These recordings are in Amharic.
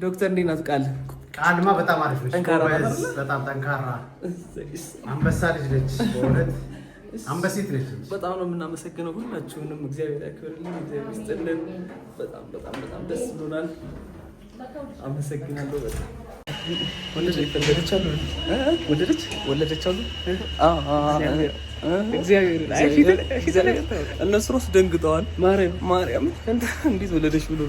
ዶክተር እንዴት ናት ቃል? ቃልማ በጣም አሪፍ ነች። በጣም ጠንካራ አንበሳ ልጅ ነች። በእውነት አንበሴት ነች። በጣም ነው የምናመሰግነው ሁላችሁንም። እግዚአብሔር ያክብርልን፣ እግዚአብሔር ይስጥልን። በጣም በጣም በጣም ደስ ብሎናል። አመሰግናለሁ በጣም ወለደች ወለደች አሉ። እነሱ ሮስ ደንግጠዋል። ማርያም እንዴት ወለደች ብሎ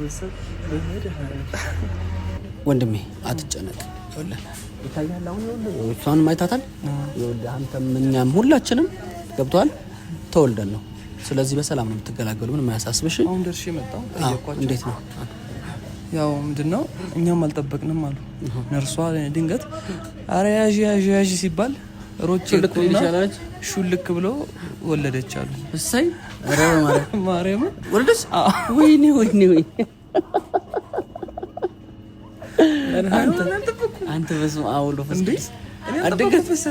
ወንድሜ አትጨነቅ። ይታያል። እሷን አይታታል። አንተም እኛም ሁላችንም ገብተዋል። ተወልደን ነው። ስለዚህ በሰላም ነው የምትገላገሉ። ምን የማያሳስብሽ። አሁን እንዴት ነው ያው ምንድን ነው እኛም አልጠበቅንም አሉ ነርሷ። ድንገት አረ ያዥ ያዥ ያዥ ሲባል ሮቼ ሹልክ ብሎ ወለደች አሉ። እሰይ ማርያም ወለደች። ወይኔ ወይኔ ወይ አንተ በስመ አብ ወልድ ወመንፈስ ቅዱስ።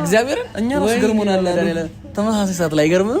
እግዚአብሔርን እኛ ነው ገርሞናል። ተመሳሳይ ሰዓት ላይ ገርምም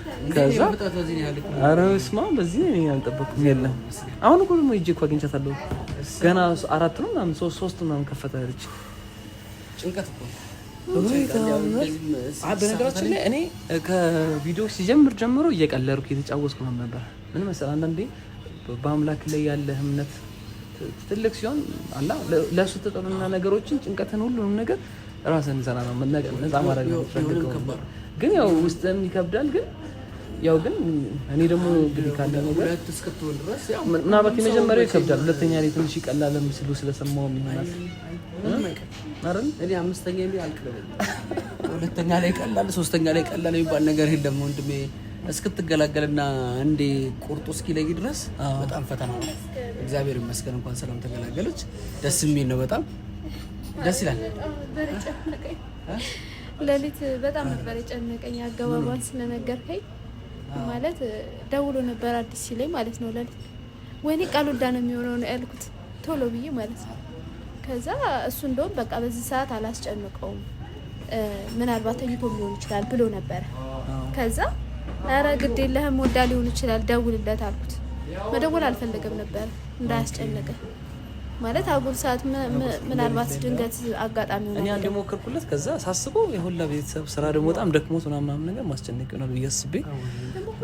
ከዛ ኧረ ስማ በዚህ አልጠበኩም። የለም አሁን እኮ ደግሞ ሂጅ እኮ አግኝቻታለሁ። ገና አራት ነው ምናምን ሶስት ምናምን ከፈተ አለች። ጭንቀት እኮ በነገራችን ላይ እኔ ከቪዲዮ ሲጀምር ጀምሮ እየቀለድኩ የተጫወትኩ ነው ነበር። ምን መሰለህ አንዳንዴ በአምላክ ላይ ያለህ እምነት ትልቅ ሲሆን አላ ለእሱ ተጠና ነገሮችን ጭንቀትን፣ ሁሉንም ነገር ራስን ዘና ነው ነጻ ማድረግ ነው ግን ያው ውስጥም ይከብዳል ግን ያው ግን እኔ ደግሞ እንግዲህ ካለ ነው ሁለት እስክትሆን ድረስ ያው ምናልባት የመጀመሪያው ይከብዳል፣ ሁለተኛ ላይ ትንሽ ይቀላል። ምስሉ ስለሰማው ምናምን አይደል? እኔ አምስተኛ ላይ አልቀበል፣ ሁለተኛ ላይ ቀላል፣ ሶስተኛ ላይ ቀላል የሚባል ነገር የለም ወንድሜ። እስክትገላገልና እንዴ ቁርጡ እስኪለይ ድረስ በጣም ፈተና ነው። እግዚአብሔር ይመስገን እንኳን ሰላም ተገላገለች። ደስ የሚል ነው። በጣም ደስ ይላል። ሌሊት በጣም ነበር የጨነቀኝ አገባባል ስለነገርከኝ ማለት ደውሎ ነበር አዲስ ሲለኝ ማለት ነው። ለሊት ወይኔ ቃል ወዳ ነው የሚሆነው ነው ያልኩት ቶሎ ብዬ ማለት ነው። ከዛ እሱ እንደውም በቃ በዚህ ሰዓት አላስጨንቀውም ምናልባት ተኝቶ ሊሆን ይችላል ብሎ ነበረ። ከዛ አረ ግድ የለህም ወዳ ሊሆን ይችላል ደውልለት አልኩት። መደወል አልፈለገም ነበር እንዳያስጨንቀ ማለት አጉል ሰዓት ምናልባት ድንገት አጋጣሚ ሆነ። እኔ አንድ ሞከርኩለት። ከዛ ሳስበው የሁላ ቤተሰብ ስራ ደግሞ በጣም ደክሞት ምናምን ነገር ማስጨነቅ ይሆናል ብዬ አስቤ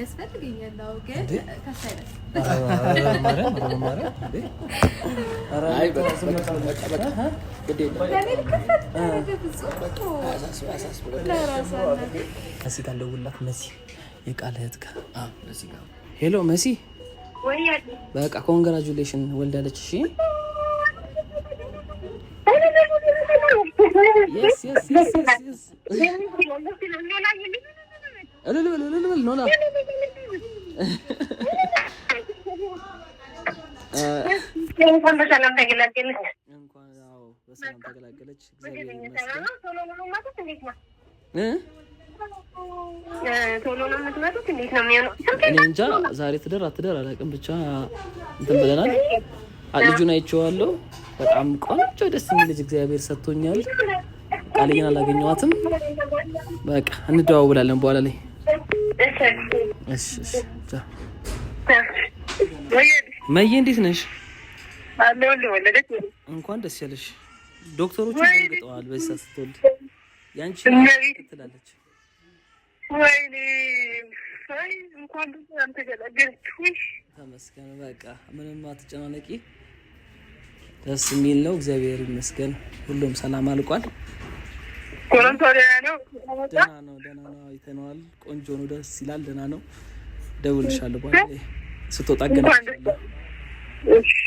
ያስፈልገኛል ግን ከዚህ ጋር ልደውልላት። መሲ የቃል እህት ጋር ሄሎ፣ መሲ በቃ ኮንግራጁሌሽን ወልዳለች። እሺ እልል ይሻላል ነው እንኳን በሰላም ተገላገለች። እግዚአብሔር ይመስገን። እኔ እንጃ ዛሬ ትደር አትደር አላውቅም። ብቻ እንትን ብለናል። ልጁን አይቼዋለሁ። በጣም ቆንጆ ደስ የሚል ልጅ እግዚአብሔር ሰጥቶኛል። ቃልዬን አላገኘኋትም። በቃ እንደዋውላለን በኋላ ላይ መዬ እንዴት ነሽ? እንኳን ደስ ያለሽ። ዶክተሮቹ ደንግጠዋል። በሳ ስትወልድ ያንቺ ትላለች። ወይኔ እንኳን ተገላገልሽ። ተመስገን። በቃ ምንም አትጨናነቂ። ደስ የሚል ነው። እግዚአብሔር ይመስገን። ሁሉም ሰላም አልቋል። ነው። ደህና ነው፣ ደህና ነው። አይተነዋል። ቆንጆ ነው፣ ደስ ይላል። ደህና ነው። እደውልልሻለሁ በኋላ ስትወጣ ገናለሁ። እሺ፣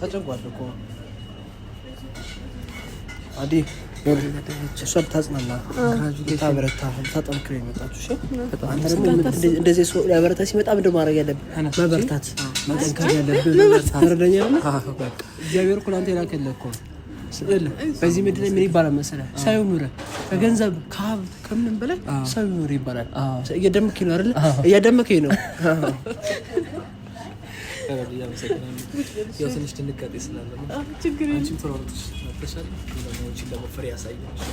ተጨንቋል እኮ አዲ እሷም ታጽናና ታበረታ ታጠንክረ የመጣችሁ እንደዚህ ሰው ሲመጣ ምንድን ማድረግ ያለብን? መበርታት መጠንከር ያለብን ተረዳኛ። እግዚአብሔር እኮ ለአንተ የላከልህ እኮ በዚህ ምድር ምን ይባላል መሰለህ? ሰው ይኑርህ ከገንዘብ ከሀብት ከምን በላይ ሰው ይኑርህ ይባላል። እያደመከኝ ነው አይደለ? እያደመከኝ ነው ያው ትንሽ ድንጋጤ ስላለ ነው። አንቺም ተሯሩጥሽ መጥተሻል። ሌላኛዎችን ደግሞ ፍሬ ያሳየሽ።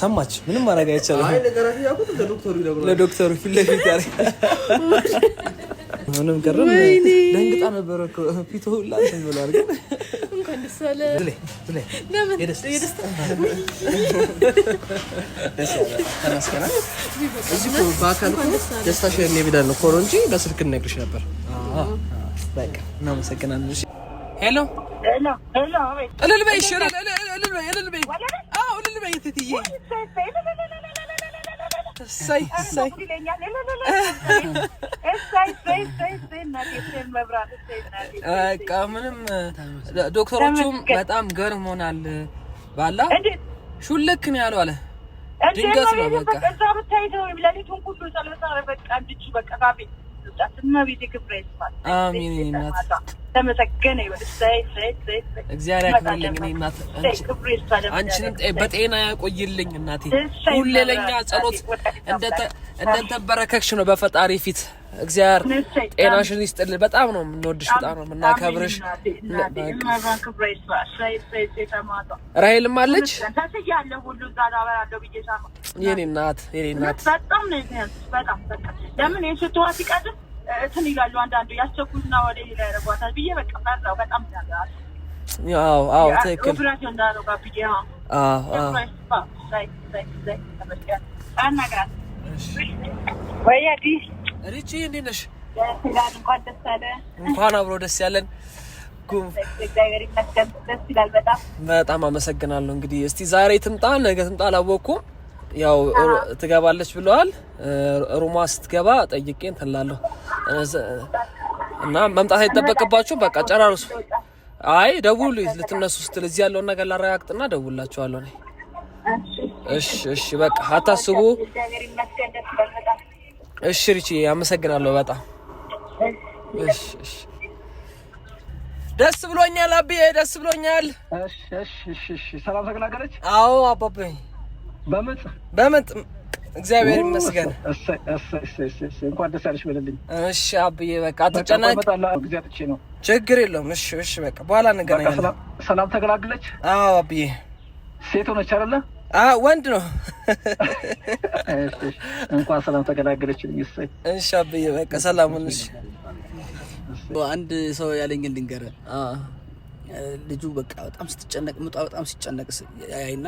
ሰማች፣ ምንም ማድረግ አይቻልም። ለዶክተሩ ፊት ለፊት ምንም ቀረ። ደንግጣ ነበረ ፊት ሁላ ብሏል ግን እንኳን ደስ አለ። እንጂ በስልክ እንነግርሽ ነበር። በቃ እናመሰግናለን። ሄሎ እልል በይ እሺ እልል በይ እልል በይ እትዬ እሰይ እሰይ በቃ ምንም ዶክተሮቹም በጣም ገርሞናል። ባላ ሹልክ ነው ያሉ አለ ድንገት ነው በቃ እዛ ሁሉ በቃ እንድች በቃ ባቤ ተመሰገነ ይሁን። እግዚአብሔር ያክብርልኝ። እኔ እናት አንቺንም በጤና ያቆይልኝ እናቴ። ሁሌ ለኛ ጸሎት እንደተበረከክሽ ነው በፈጣሪ ፊት። እግዚአብሔር ጤናሽን ይስጥልኝ። በጣም ነው የምንወድሽ፣ በጣም ነው የምናከብርሽ። ራሄልም አለች የኔ እናት፣ የኔ እናት በጣም ነው ለምን ይሄ ስትዋ ሲቀድም እንትን ይላሉ አንዳንዱ ያስቸኩልና ወደ ሌላ ያደርጓታል ብዬ በቃ ፈራሁ በጣም ይናገራል። አዎ አዎ ትክክል ኦፕራሲዮን እንዳደረጋ ብዬ አዎ አዎ ወይ አዲ ሪቺ እንዴት ነሽ? እንኳን ደስ አለ። እንኳን አብሮ ደስ ያለን። በጣም አመሰግናለሁ። እንግዲህ እስቲ ዛሬ ትምጣ ነገ ትምጣ አላወቅኩም። ያው ትገባለች ብለዋል። ሩማ ስትገባ ጠይቄ እንትን እላለሁ። እና መምጣት አይጠበቅባችሁም። በቃ ጨራርሱ። አይ ደውሉ፣ ልትነሱ ስትል እዚህ ያለውን ነገር ላረጋግጥና ደውላችኋለሁ። እኔ እሺ፣ እሺ፣ በቃ አታስቡ። እሺ፣ ሪቺ አመሰግናለሁ በጣም እሺ፣ እሺ። ደስ ብሎኛል አብዬ፣ ደስ ብሎኛል። እሺ፣ እሺ፣ እሺ። ሰላም ተገላገለች። አዎ አባባዬ፣ በምጥ በምጥ እግዚአብሔር ይመስገን። እንኳን ደስ ያለሽ በልልኝ። እሺ አብዬ፣ በቃ አትጨናነቅ። ነው። ችግር የለውም። እሺ፣ እሺ፣ በቃ በኋላ እንገናኛለን። ሰላም ተገላግለች። አዎ አብዬ፣ ሴት ሆነች አይደለ? ወንድ ነው። እንኳን ሰላም ተገላግለች። እሰይ። እሺ አብዬ፣ በቃ ሰላም ሁንሽ። አንድ ሰው ያለኝን ልንገርህ። ልጁ በቃ በጣም ስትጨነቅ ምጧ በጣም ሲጨነቅ ያይና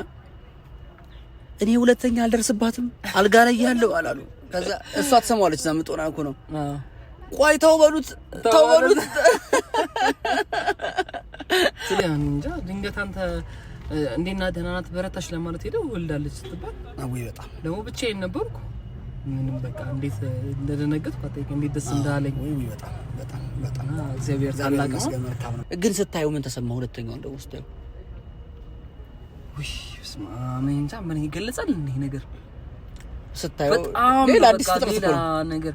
እኔ ሁለተኛ አልደርስባትም አልጋ ላይ ያለው አላሉ። ከዛ እሷ ትሰማዋለች። ዛ ምጦና እኮ ነው ቆይ ተው በሉት ተው በሉት። ስለያን እንጃ ድንገት አንተ እንዴና ደህና ናት በረታሽ ለማለት ሄደው ወልዳለች ስትባል አውይ በጣም ደግሞ ብቻዬን ነበርኩ። ምንም በቃ እንዴት እንደደነገጥኩ አጠይቀኝ፣ እንዴት ደስ እንዳለኝ። ይወጣ በጣም በጣም እግዚአብሔር ታላቅ ነው። ግን ስታየው ምን ተሰማ? ሁለተኛው እንደው ስታየው በስመ አብ እንጃ ምን ይገለጻል እንዴ ነገር ስታዩ በጣም ሌላ አዲስ ፍጥረት ነው ነገር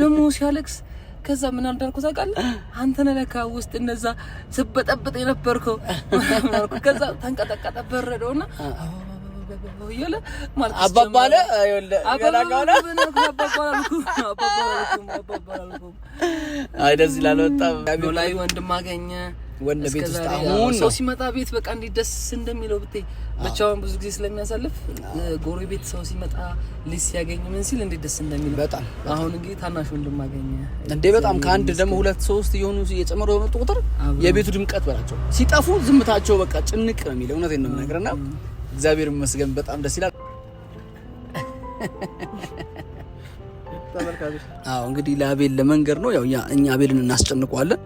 ደግሞ ሲያለቅስ ከዛ ምን አልዳርኩ ታውቃለህ? አንተ ነህ ለካ ውስጥ እነዛ ስበጠብጥ የነበርከው ምናልኩ። ከዛ ተንቀጠቀጠ በረደውና እያለ ማለት አባባለ አባባለ አባባለ አይ ደስ ይላል በጣም ላይ ወንድም አገኘ ወንድ ቤት ውስጥ አሁን ሰው ሲመጣ ቤት በቃ እንዴት ደስ እንደሚለው ብታይ ብቻውን ብዙ ጊዜ ስለሚያሳልፍ ጎረቤት ሰው ሲመጣ ልጅ ሲያገኝ ምን ሲል እንዴት ደስ እንደሚለው በጣም አሁን እንግዲህ ታናሽ ወንድም አገኘ እንዴ በጣም ከአንድ ደግሞ ሁለት ሶስት እየሆኑ እየጨመሩ በመጡ ቁጥር የቤቱ ድምቀት በላቸው ሲጠፉ ዝምታቸው በቃ ጭንቅ ነው የሚለው እውነቴን ነው የምነግርና እግዚአብሔር ይመስገን በጣም ደስ ይላል አዎ እንግዲህ ለአቤል ለመንገር ነው ያው እኛ አቤልን እናስጨንቀዋለን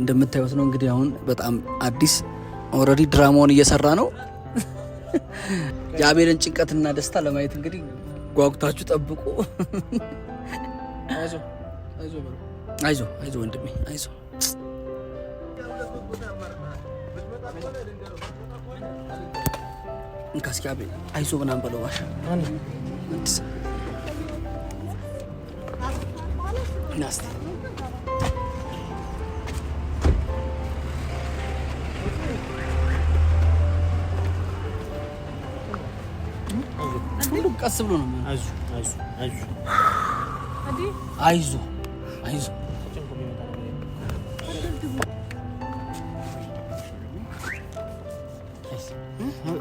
እንደምታዩት ነው እንግዲህ አሁን በጣም አዲስ ኦልሬዲ ድራማውን እየሰራ ነው። የአቤልን ጭንቀትና ደስታ ለማየት እንግዲህ ጓጉታችሁ ጠብቁ። አይዞ አይዞ ወንድሜ አይዞ። እንካስኪ አቤል አይዞ ምናምን በለው ባሻ ናስቲ ቀስ ብሎ ነው። አይዞ አይዞ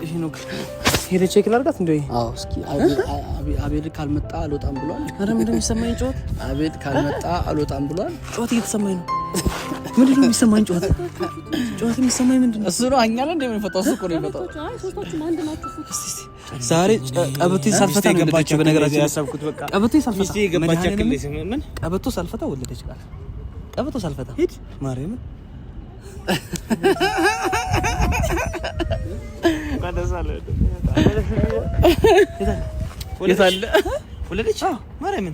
ይሄ ነው። ሄደ ቼክ ላድርጋት። እንደ እስኪ አቤል ካልመጣ አልወጣም ብሏል። ኧረ ምንድን ነው የሚሰማኝ ጩኸት? አቤል ካልመጣ አልወጣም ብሏል። ጩኸት እየተሰማኝ ነው። ምንድን ነው የሚሰማኝ ጩኸት? ጩኸት የሚሰማኝ ምንድን ነው? እሱ ነው። እኛ ላይ እንደምንፈታው እሱ እኮ ነው የሚፈታው። ዛሬ ቀበቶ ሳልፈታ ነው የወለደችው። በነገራችን ቀበቶ ሳልፈታ ቀበቶ ሳልፈታ ወለደች። ቃል ቀበቶ ሳልፈታ ሂድ ማርያምን ወለደች ማርያምን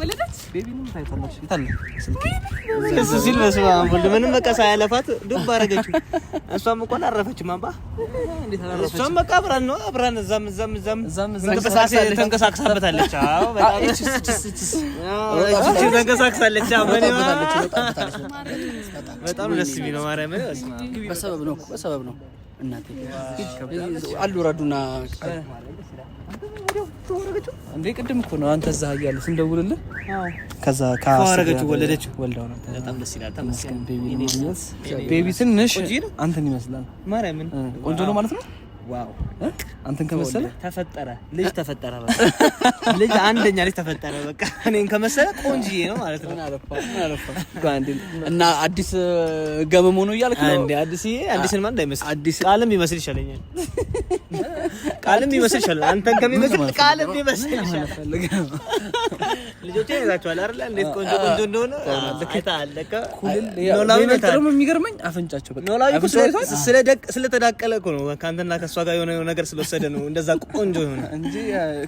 ወለደች። እሱ ሲል በስመ አብ ወልድ ምንም በቃ ሳያለፋት ዱብ አደረገችው። እሷም እንኳን አረፈችም። አምባ እሷም በቃ አብራን ነው አብራን እዛም እዛም እዛም ተንቀሳቅሳበታለች። ተንቀሳቅሳለች። በጣም ደስ የሚል ማርያምን በሰበብ ነው በሰበብ ነው እናቴ አሉ ረዱና እንዴ ቅድም እኮ ነው አንተ እዛ እያለ ስንደውልልህ ከዛ ካረገችው ወለደችው ወልዳው ነው። በጣም ደስ ይላል። ቤቢ ትንሽ አንተን ይመስላል። ማርያምን ቆንጆ ነው ማለት ነው። ዋው አንተን ከመሰለ ተፈጠረ ልጅ ተፈጠረ። በቃ ልጅ አንደኛ ልጅ ተፈጠረ። በቃ እኔን ከመሰለ ቆንጅዬ ነው ማለት ነው። እና አዲስ ገመሙ ነው እያልክ ነው እንዴ? አዲስ ይሄ አዲስ ማን እንዳይመስል አዲስ ቃልም ይመስል ይሻለኛል። ቃልም ይመስል ይሻላል። አንተን ከሚመስል ቃልም ይመስል ይሻላል። ልጆቼ ይዛችኋል አይደል? እንዴት ቆንጆ ቆንጆ እንደሆነ ልክታ አለቀ። ኖላዊ ነው የሚገርመኝ አፈንጫቸው በቃ ኖላዊ ስለ ደቅ ስለተዳቀለ እኮ ነው ከአንተና ከእሷ ጋር የሆነ ነገር ስለወሰደ ነው እንደዛ ቆንጆ የሆነ እንጂ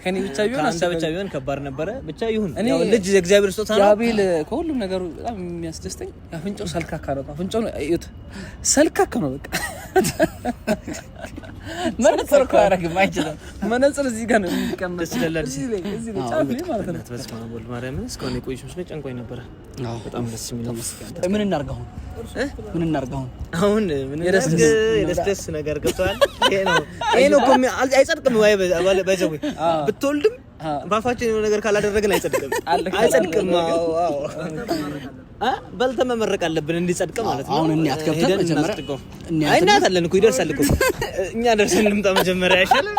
ከኔ ብቻ ቢሆን አንተ ብቻ ቢሆን ከባድ ነበረ። ብቻ ይሁን ልጅ የእግዚአብሔር ስጦታ ነው። አቤል ከሁሉም ነገሩ በጣም የሚያስደስተኝ አፍንጫው ሰልካካ ነው። አፍንጫው ነው እዩት፣ ሰልካካ ነው። በቃ መነጽር እኮ አያደርግም አይችልም። መነጽር እዚህ ጋር ነው የሚቀመጥ እዚህ ላይ እዚህ ላይ ጫፍ ላይ ማለት ነው። በስመ አብ እስካሁን ጨንቆኝ ነበረ። በጣም ደስ የሚል ምን አሁን ምን አሁን አሁን የደስ ደስ ነገር ይሄ ነው ይሄን እኮ አይጸድቅም። ባይዘው ብትወልድም ባፋችን የሆነ ነገር ካላደረግን አይጸድቅም፣ አይጸድቅም። በልተን መመረቅ አለብን እንዲጸድቅ ማለት ነው። አሁን እናት ገብተን መጀመሪያ እናት አለን እኮ ይደርሳል እኮ እኛ ደርሰን እንምጣ መጀመሪያ አይሻልም?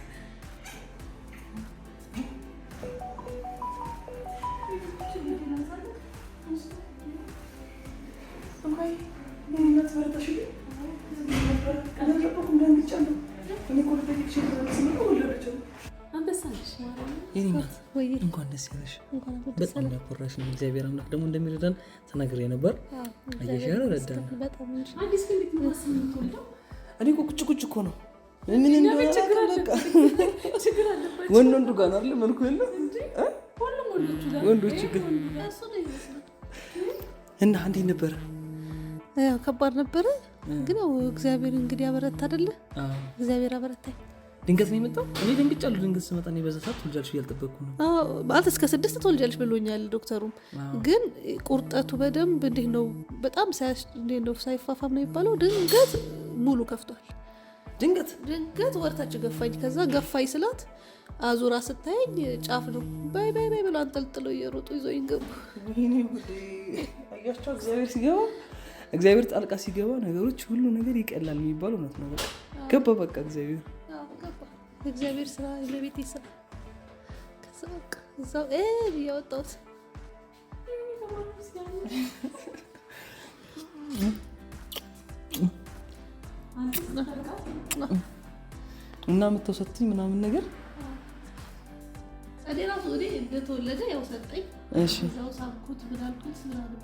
እንኳን ደስ ያለሽ። በጣም ያኮራሽ እግዚአብሔር አምላክ ደግሞ እንደሚረዳን ተናግሬ ነበር። ረዳን። እኔ እኮ ቁጭ ቁጭ እኮ ነው ምን እንደሆነ ወንድ ወንዱ ጋር አለ መልኩ የለ ወንዶች ግን እና እንዴት ነበረ? ከባድ ነበረ፣ ግን እግዚአብሔር እንግዲህ አበረታ አይደለ? እግዚአብሔር አበረታኝ። ድንገት ነው የመጣው። እኔ ደንግጫለሁ። ድንገት ስመጣ እኔ በዛ ሰዓት ትወልጃለሽ እያልጠበቅኩ ነው ማለት እስከ ስድስት ትወልጃለሽ ብሎኛል ዶክተሩም። ግን ቁርጠቱ በደንብ እንዲህ ነው፣ በጣም ነው ሳይፋፋም ነው የሚባለው። ድንገት ሙሉ ከፍቷል። ድንገት ድንገት ወርታች ገፋኝ። ከዛ ገፋኝ ስላት አዙራ ስታየኝ ጫፍ ነው። ባይ ባይ ባይ ብሎ አንጠልጥለው እየሮጡ ይዞኝ ገቡ። አያቸው እግዚአብሔር ሲገባ እግዚአብሔር ጣልቃ ሲገባ ነገሮች ሁሉ ነገር ይቀላል የሚባለው እውነት ነው። በቃ ገባ በቃ እግዚአብሔር የእግዚአብሔር ስራ የቤት ስራ ከዛ በቃ እዛው ብዬ ወጣሁት። እና የምታው ሰጥኝ ምናምን ነገር እኔ ራሱ እኔ እንደተወለደ ያው ሰጠኝ። እሺ እዛው ሳብኩት ምናልኩት ምናምን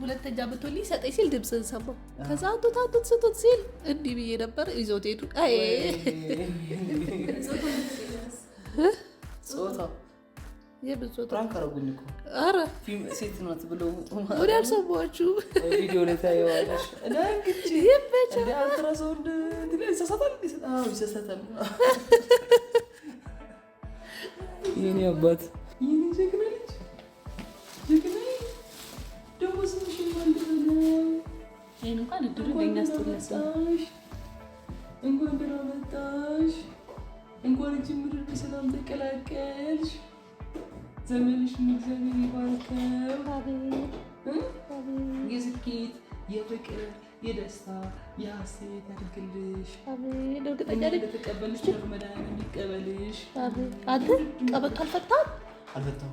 ሁለተኛ ብትሆን ሊሰጠኝ ሲል ድምፅህን ሰማሁ። ከዛ አቶት አቶት ስቶት ሲል እንዲህ ብዬ ነበር ይዞት ሄዱ። ወደ አባት ይህን እንኳን እድሉ ለእኛ ስጥለስ እንኳን ደህና መጣሽ፣ እንኳን እጅ ምድር በሰላም ተቀላቀልሽ። ዘመንሽን እግዚአብሔር ይባርከው። የስኬት የፍቅር የደስታ የሀሴት ያድርግልሽ። ተቀበልሽ መዳን የሚቀበልሽ አንተ ቀበቅ አልፈታም አልፈታም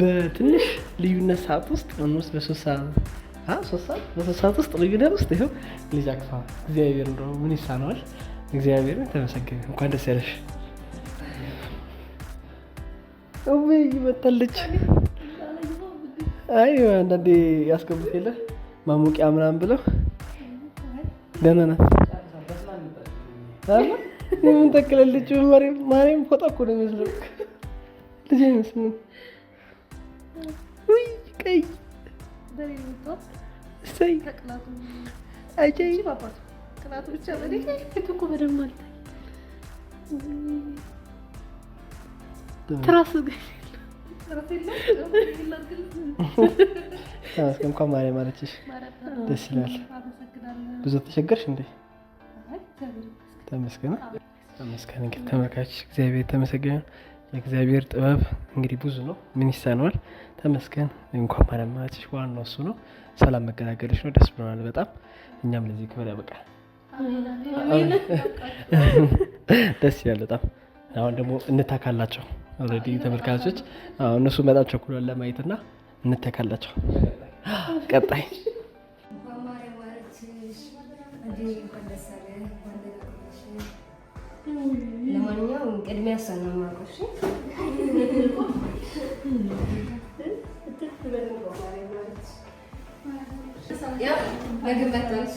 በትንሽ ልዩነት ሰዓት ውስጥ አምስት በሶስት ሰዓት በሶስት ሰዓት ውስጥ ልዩነት ውስጥ ይኸው ልጅ አቅፋ እግዚአብሔር እንደው ምን ይሳነዋል? እግዚአብሔር ተመሰገነ። እንኳን ደስ ያለሽ። ወይ ይመጣለች። አይ አንዳንዴ ያስገቡት የለ ማሞቂያ ምናምን ብለው ገና ናት። የምንጠቅለልች ማርያም ፎጣ እኮ ነው የሚመስለው ልጅ አይመስልም። እንኳን ማርያም አለችሽ። ደስ ይላል። ብዙ ተቸገርሽ እንዴ? ተመስገን ተመስገን። እንግዲህ ተመልካች እግዚአብሔር ተመሰገነ። የእግዚአብሔር ጥበብ እንግዲህ ብዙ ነው። ምን ይሰነዋል ተመስገን እንኳ ማለማች ዋና እሱ ነው። ሰላም መገላገልሽ ነው። ደስ ብሎናል በጣም እኛም ለዚህ ክብር ያበቃል። ደስ ይላል በጣም። አሁን ደግሞ እንታካላቸው ኦልሬዲ ተመልካቾች እነሱ በጣም ቸኩሏል ለማየት እና እንተካላቸው ቀጣይ ለማንኛውም ቅድሚያ ሰናማቆሽ ምግብ መጣልሽ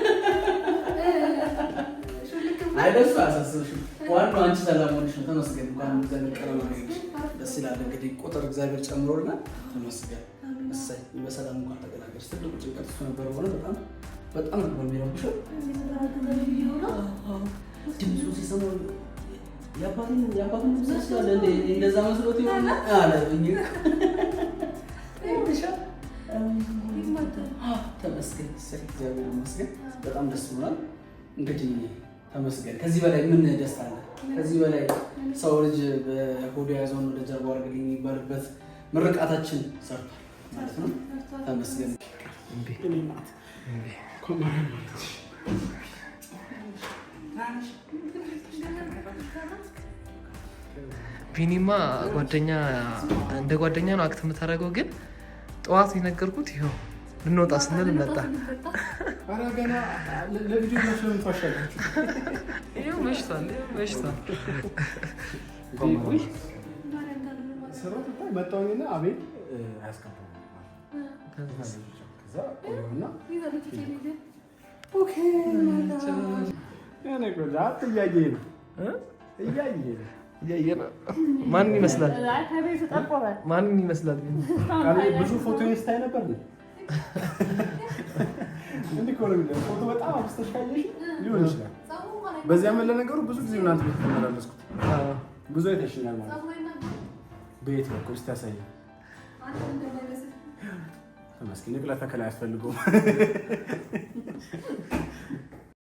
አይደሱ አሳስብሽም። ዋናው አንቺ ሰላም ሆንሽ ነው። ተመስገን። እንኳን እግዚአብሔር ቀረበ ደስ ይላል። እንግዲህ ቁጥር እግዚአብሔር ጨምሮልና ተመስገን። እሰይ በሰላም እንኳን ተገናገርሽ። ትልቁ ጭንቀት እሱ ነበር። በሆነ በጣም በጣም ነበር የሚረብሽ ድምፁ ሲሰማ የአባትን የአባትን ድምፅ ስላለ እንደዛ መስሎት ይሆን አለ ተመስገን። እሰይ እግዚአብሔር ይመስገን። በጣም ደስ ብሏል እንግዲህ ተመስገን። ከዚህ በላይ ምን ደስታ አለ? ከዚህ በላይ ሰው ልጅ በሆዱ የያዘውን ወደ ጀርባ አድርግልኝ የሚባልበት ምርቃታችን ሰርቷል ማለት ነው። ተመስገን። ቢኒማ ጓደኛ እንደ ጓደኛ ነው አክት የምታደርገው ግን ጠዋት የነገርኩት ይኸው ልንወጣ ስንል መጣ። ማንን ይመስላል? ማንን ይመስላል? ብዙ ፎቶ ስታይ ነበር ሊሆን ይችላል። በዚያ መለ ለነገሩ ብዙ ጊዜ እናንተ ቤት ተመላለስኩት ብዙ አይተሽኛል ማለት ቤት በኩል ስታሳይ ተመስገን ቅላ ተከላ አያስፈልገውም።